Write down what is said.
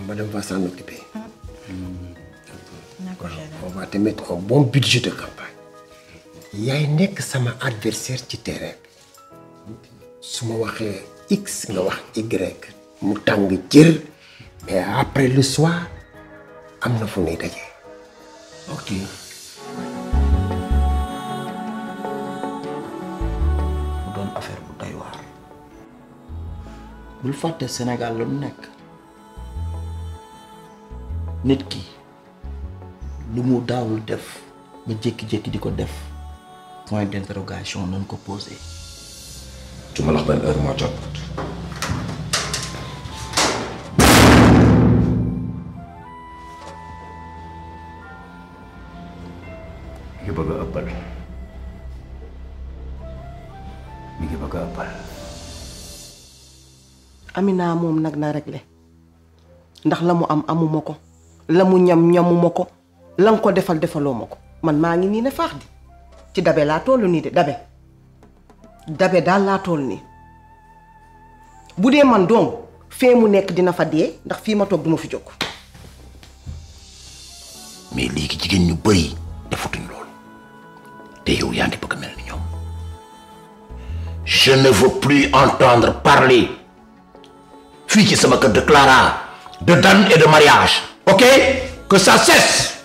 madame va s'en occuper. Ah. Mm. d'accord on mettre au bon budget de campagne. yaay nekk sama adversaire ci terrain su ma waxee x nga wax y mu tàng jër mais après le soir am na fu ñuy daje. ok. doon affaire bu doy waar. bul fàtte Sénégal la mu nekk. nit ki lu mu daawul def ba jékki-jékki di ko def point d'interrogation nañ ko posé. su ma la wax ban heure moom nag na réglé ndax la mu am amuma ko. la mu ñam ñamuma ko la nga ko defal defaloo ma ko man maa ngi nii ne faax di ci dabe laa toll nii de dabe dabe daal laa toll nii bu dee man doom fee mu nekk dina fa dee ndax fii ma toog duma fi jog mais léegi jigéen ñu bëri defutuñ loolu te yow yaa ngi bëgg a mel ni ñoom je ne veux plus entendre parler fii ci sama kër de de Dan et de mariage ok que ça cesse